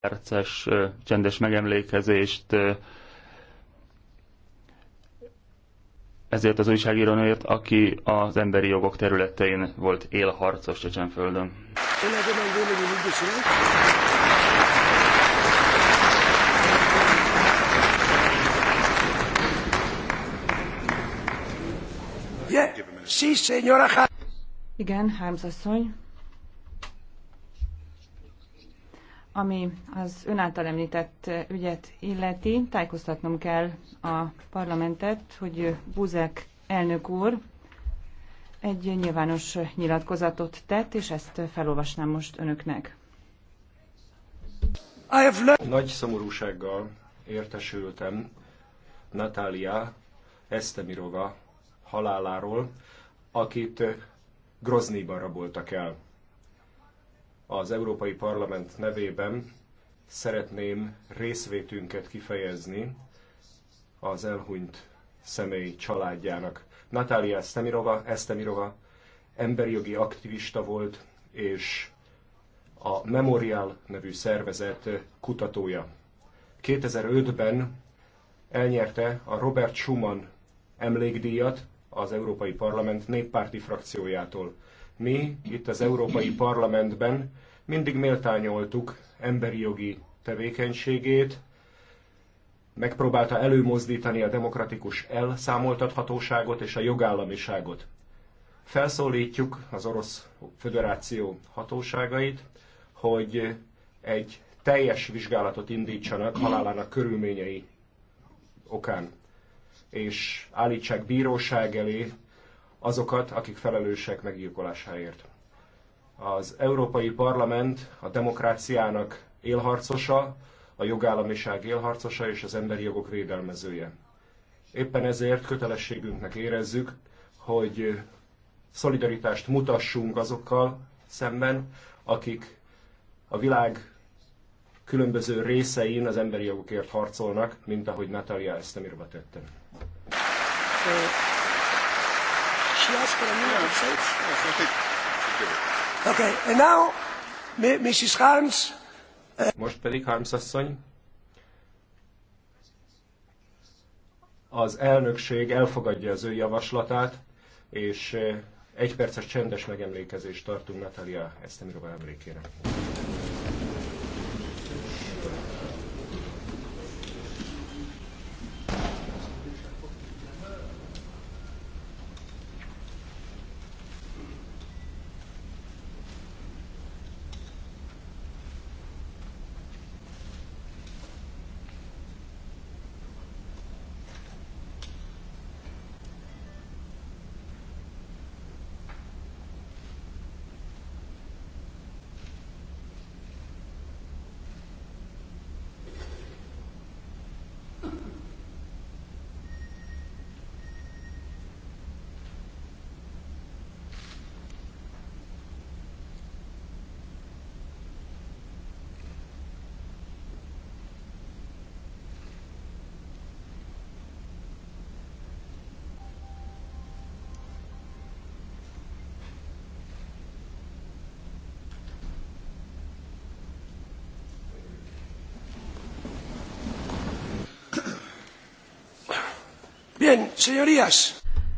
perces csendes megemlékezést. Ezért az újságírónőért, aki az emberi jogok területein volt élharcos Csecsenföldön. Igen, Hámz asszony. Ami az ön által említett ügyet illeti, tájékoztatnom kell a parlamentet, hogy Buzek elnök úr egy nyilvános nyilatkozatot tett, és ezt felolvasnám most önöknek. Nagy szomorúsággal értesültem Natália Esztemirova haláláról, akit Groznyban raboltak el az Európai Parlament nevében szeretném részvétünket kifejezni az elhunyt személy családjának. Natália Estemirova, Estemirova emberi jogi aktivista volt, és a Memorial nevű szervezet kutatója. 2005-ben elnyerte a Robert Schumann emlékdíjat az Európai Parlament néppárti frakciójától. Mi itt az Európai Parlamentben mindig méltányoltuk emberi jogi tevékenységét, megpróbálta előmozdítani a demokratikus elszámoltathatóságot és a jogállamiságot. Felszólítjuk az Orosz Föderáció hatóságait, hogy egy teljes vizsgálatot indítsanak halálának körülményei okán, és állítsák bíróság elé azokat, akik felelősek meggyilkolásáért. Az Európai Parlament a demokráciának élharcosa, a jogállamiság élharcosa és az emberi jogok védelmezője. Éppen ezért kötelességünknek érezzük, hogy szolidaritást mutassunk azokkal szemben, akik a világ különböző részein az emberi jogokért harcolnak, mint ahogy Natalia Esztemirva tette. Köszönöm she asked for a minute of six? Yes, I think. Okay, and now, Mrs. Harms. Uh, Most pedig Harms asszony. Az elnökség elfogadja az ő javaslatát, és uh, egy perces csendes megemlékezést tartunk Natalia Esztemirova emlékére.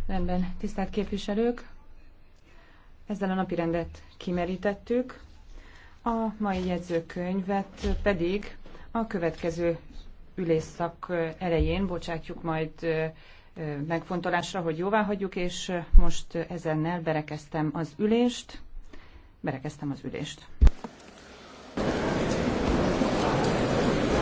Rendben, tisztelt képviselők! Ezzel a napi rendet kimerítettük, a mai jegyzőkönyvet pedig a következő ülésszak elején bocsátjuk majd megfontolásra, hogy jóvá hagyjuk, és most ezennel berekeztem az ülést. Berekeztem az ülést.